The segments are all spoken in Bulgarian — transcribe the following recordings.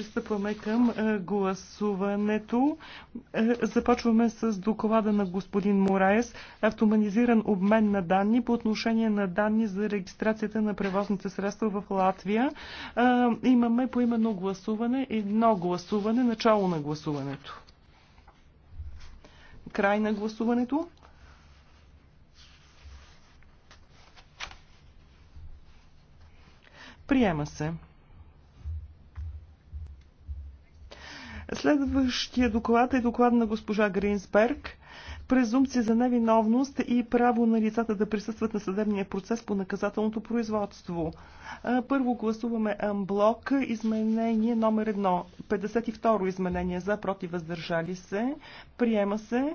Пристъпваме към е, гласуването. Е, започваме с доклада на господин Мораес. Автоматизиран обмен на данни по отношение на данни за регистрацията на превозните средства в Латвия. Е, имаме поименно гласуване, и едно гласуване, начало на гласуването. Край на гласуването. Приема се. Следващия доклад е доклад на госпожа Гринсберг. Презумпция за невиновност и право на лицата да присъстват на съдебния процес по наказателното производство. Първо гласуваме блок изменение номер 1. 52 изменение за против въздържали се. Приема се.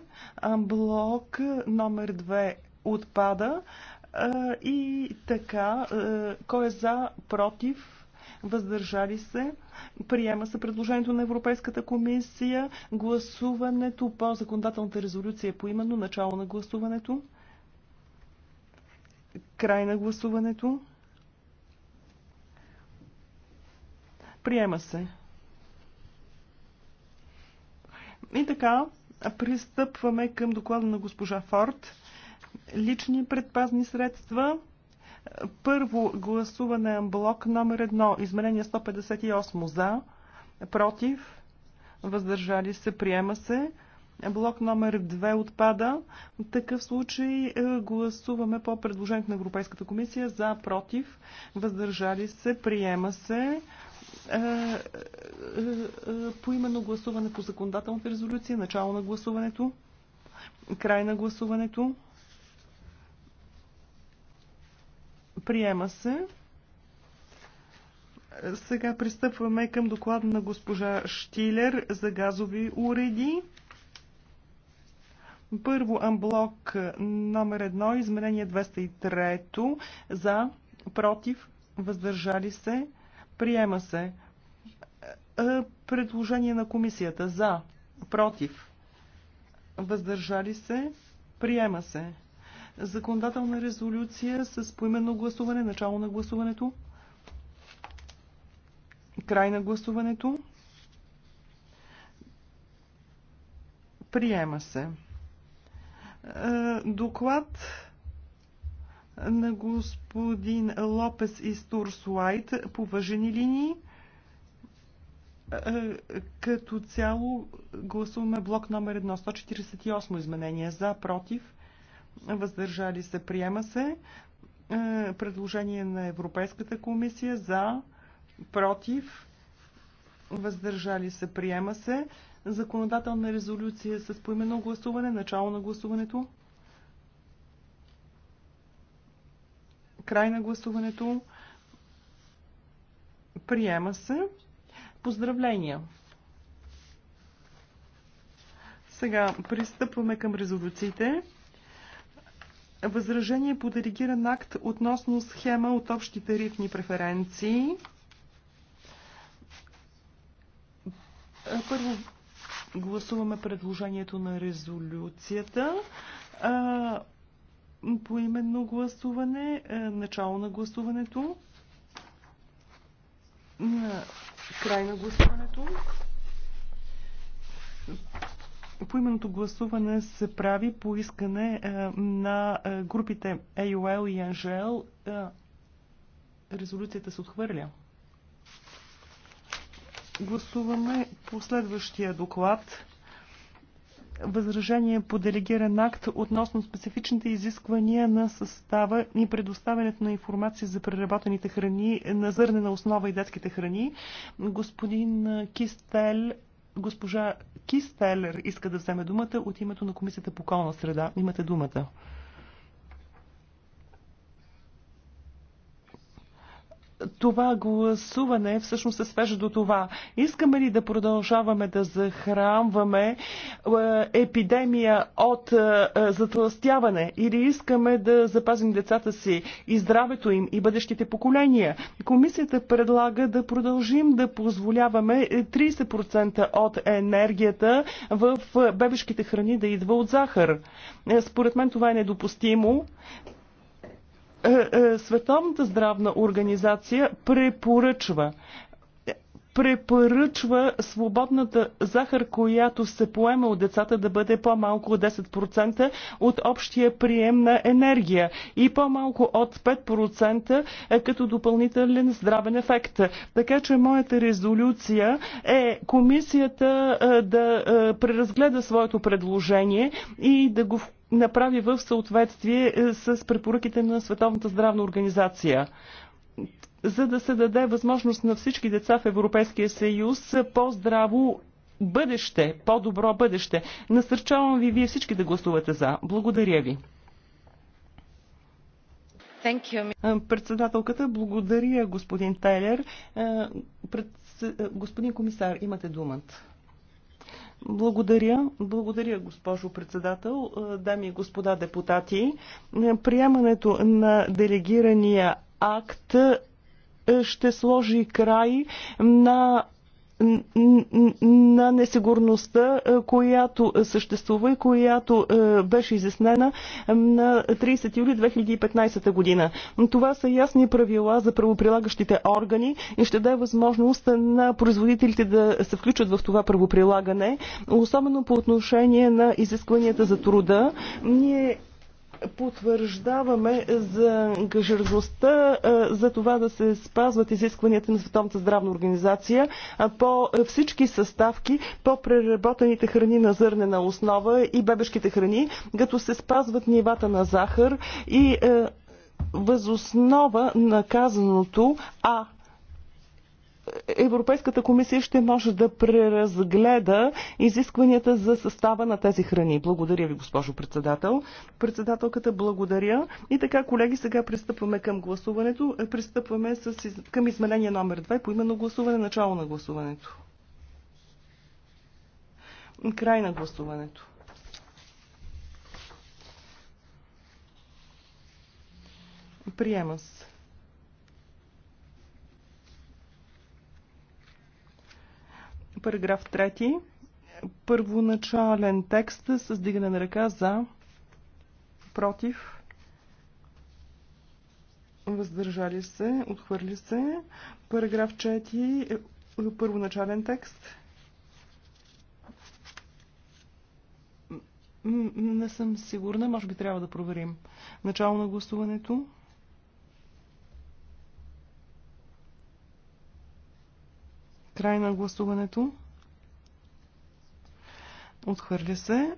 Блок номер 2 отпада. И така, кой е за, против, въздържали се. Приема се предложението на Европейската комисия. Гласуването по законодателната резолюция е по именно начало на гласуването. Край на гласуването. Приема се. И така, пристъпваме към доклада на госпожа Форд. Лични предпазни средства. Първо гласуване блок номер 1, изменение 158 за, против, въздържали се, приема се. Блок номер 2 отпада. В такъв случай е, гласуваме по предложението на Европейската комисия за, против, въздържали се, приема се. Е, е, по именно гласуване по законодателната резолюция, начало на гласуването, край на гласуването. Приема се. Сега пристъпваме към доклада на госпожа Штилер за газови уреди. Първо амблок номер едно, изменение 203, за, против, въздържали се, приема се. Е, предложение на комисията за, против, въздържали се, приема се. Законодателна резолюция с поименно гласуване, начало на гласуването, край на гласуването. Приема се. Е, доклад на господин Лопес и Стурслайт по въжени линии. Е, като цяло гласуваме блок номер 1, 148 изменения за, против, въздържали се, приема се. Е, предложение на Европейската комисия за, против, въздържали се, приема се. Законодателна резолюция с поименно гласуване, начало на гласуването. Край на гласуването. Приема се. Поздравления! Сега пристъпваме към резолюциите. Възражение по делегиран акт относно схема от общи тарифни преференции. Първо гласуваме предложението на резолюцията. По именно гласуване, начало на гласуването, край на гласуването. Поименното гласуване се прави по искане е, на е, групите AOL и А, е, Резолюцията се отхвърля. Гласуваме последващия доклад. Възражение по делегиран акт относно специфичните изисквания на състава и предоставянето на информация за преработените храни на зърнена основа и детските храни. Господин Кистел Госпожа Кистелер иска да вземе думата от името на Комисията по околна среда. Имате думата. това гласуване всъщност се свежда до това. Искаме ли да продължаваме да захранваме е, епидемия от е, е, затластяване или искаме да запазим децата си и здравето им и бъдещите поколения? Комисията предлага да продължим да позволяваме 30% от енергията в бебешките храни да идва от захар. Според мен това е недопустимо. Е, е, Световната здравна организация препоръчва препоръчва свободната захар, която се поема от децата да бъде по-малко от 10% от общия прием на енергия и по-малко от 5% е, като допълнителен здравен ефект. Така че моята резолюция е комисията да преразгледа своето предложение и да го включи направи в съответствие е, с препоръките на Световната здравна организация за да се даде възможност на всички деца в Европейския съюз по-здраво бъдеще, по-добро бъдеще. Насърчавам ви вие всички да гласувате за. Благодаря ви. Председателката, благодаря господин Тайлер. Пред... Господин комисар, имате думата. Благодаря. Благодаря, госпожо председател, е, дами и господа депутати. Е, приемането на делегирания акт е, ще сложи край на на несигурността, е, която съществува и която е, беше изяснена е, на 30 юли 2015 година. Това са ясни правила за правоприлагащите органи и ще даде възможност на производителите да се включат в това правоприлагане, особено по отношение на изискванията за труда. Ние потвърждаваме за ангажираността за това да се спазват изискванията на Световната здравна организация по всички съставки, по преработените храни на зърнена основа и бебешките храни, като се спазват нивата на захар и възоснова на казаното, а Европейската комисия ще може да преразгледа изискванията за състава на тези храни. Благодаря ви, госпожо председател. Председателката благодаря. И така, колеги, сега пристъпваме към гласуването. Е, пристъпваме с, към изменение номер 2 по именно гласуване, начало на гласуването. Край на гласуването. Приема се. Параграф 3. Първоначален текст с дигане на ръка за, против, въздържали се, отхвърли се. Параграф 4. Е първоначален текст. Не съм сигурна, може би трябва да проверим. Начало на гласуването. Край на гласуването. Отхвърля се.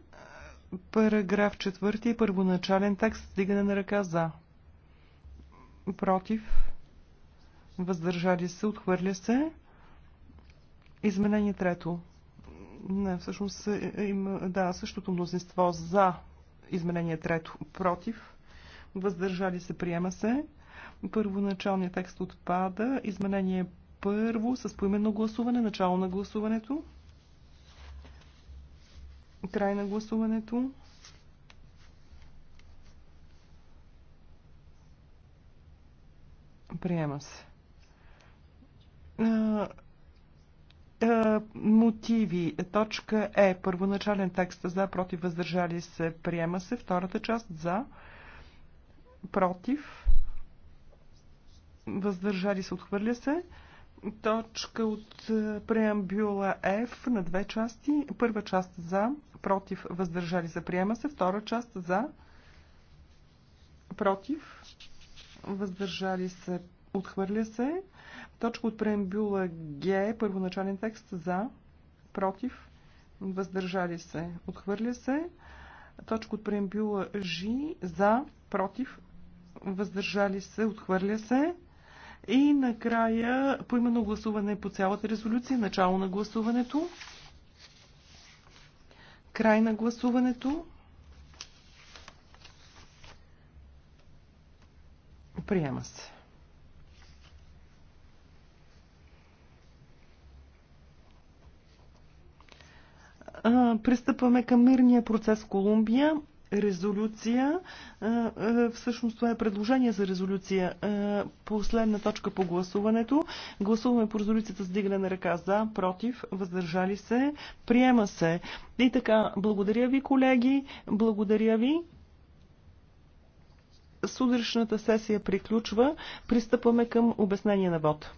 Параграф 4. Първоначален текст. Дигане на ръка за. Против. Въздържали се. Отхвърля се. Изменение трето. Не, всъщност е, е, има, да, същото мнозинство за изменение трето. Против. Въздържали се. Приема се. Първоначалният текст отпада. Изменение първо с поименно гласуване, начало на гласуването, край на гласуването. Приема се. А, а, мотиви. Точка Е. Първоначален текст за, против, въздържали се. Приема се. Втората част за, против, въздържали се, отхвърля се точка от е, преамбюла F на две части. Първа част за, против, въздържали се, приема се. Втора част за, против, въздържали се, отхвърля се. Точка от преамбюла Г, първоначален текст за, против, въздържали се, отхвърля се. Точка от преамбюла G, за, против, въздържали се, отхвърля се. И накрая именно гласуване по цялата резолюция, начало на гласуването, край на гласуването, приема се. Пристъпваме към мирния процес в Колумбия резолюция. Всъщност това е предложение за резолюция. Последна точка по гласуването. Гласуваме по резолюцията с дигане на ръка за, против, въздържали се, приема се. И така, благодаря ви, колеги, благодаря ви. Сутрешната сесия приключва. Пристъпваме към обяснение на вод.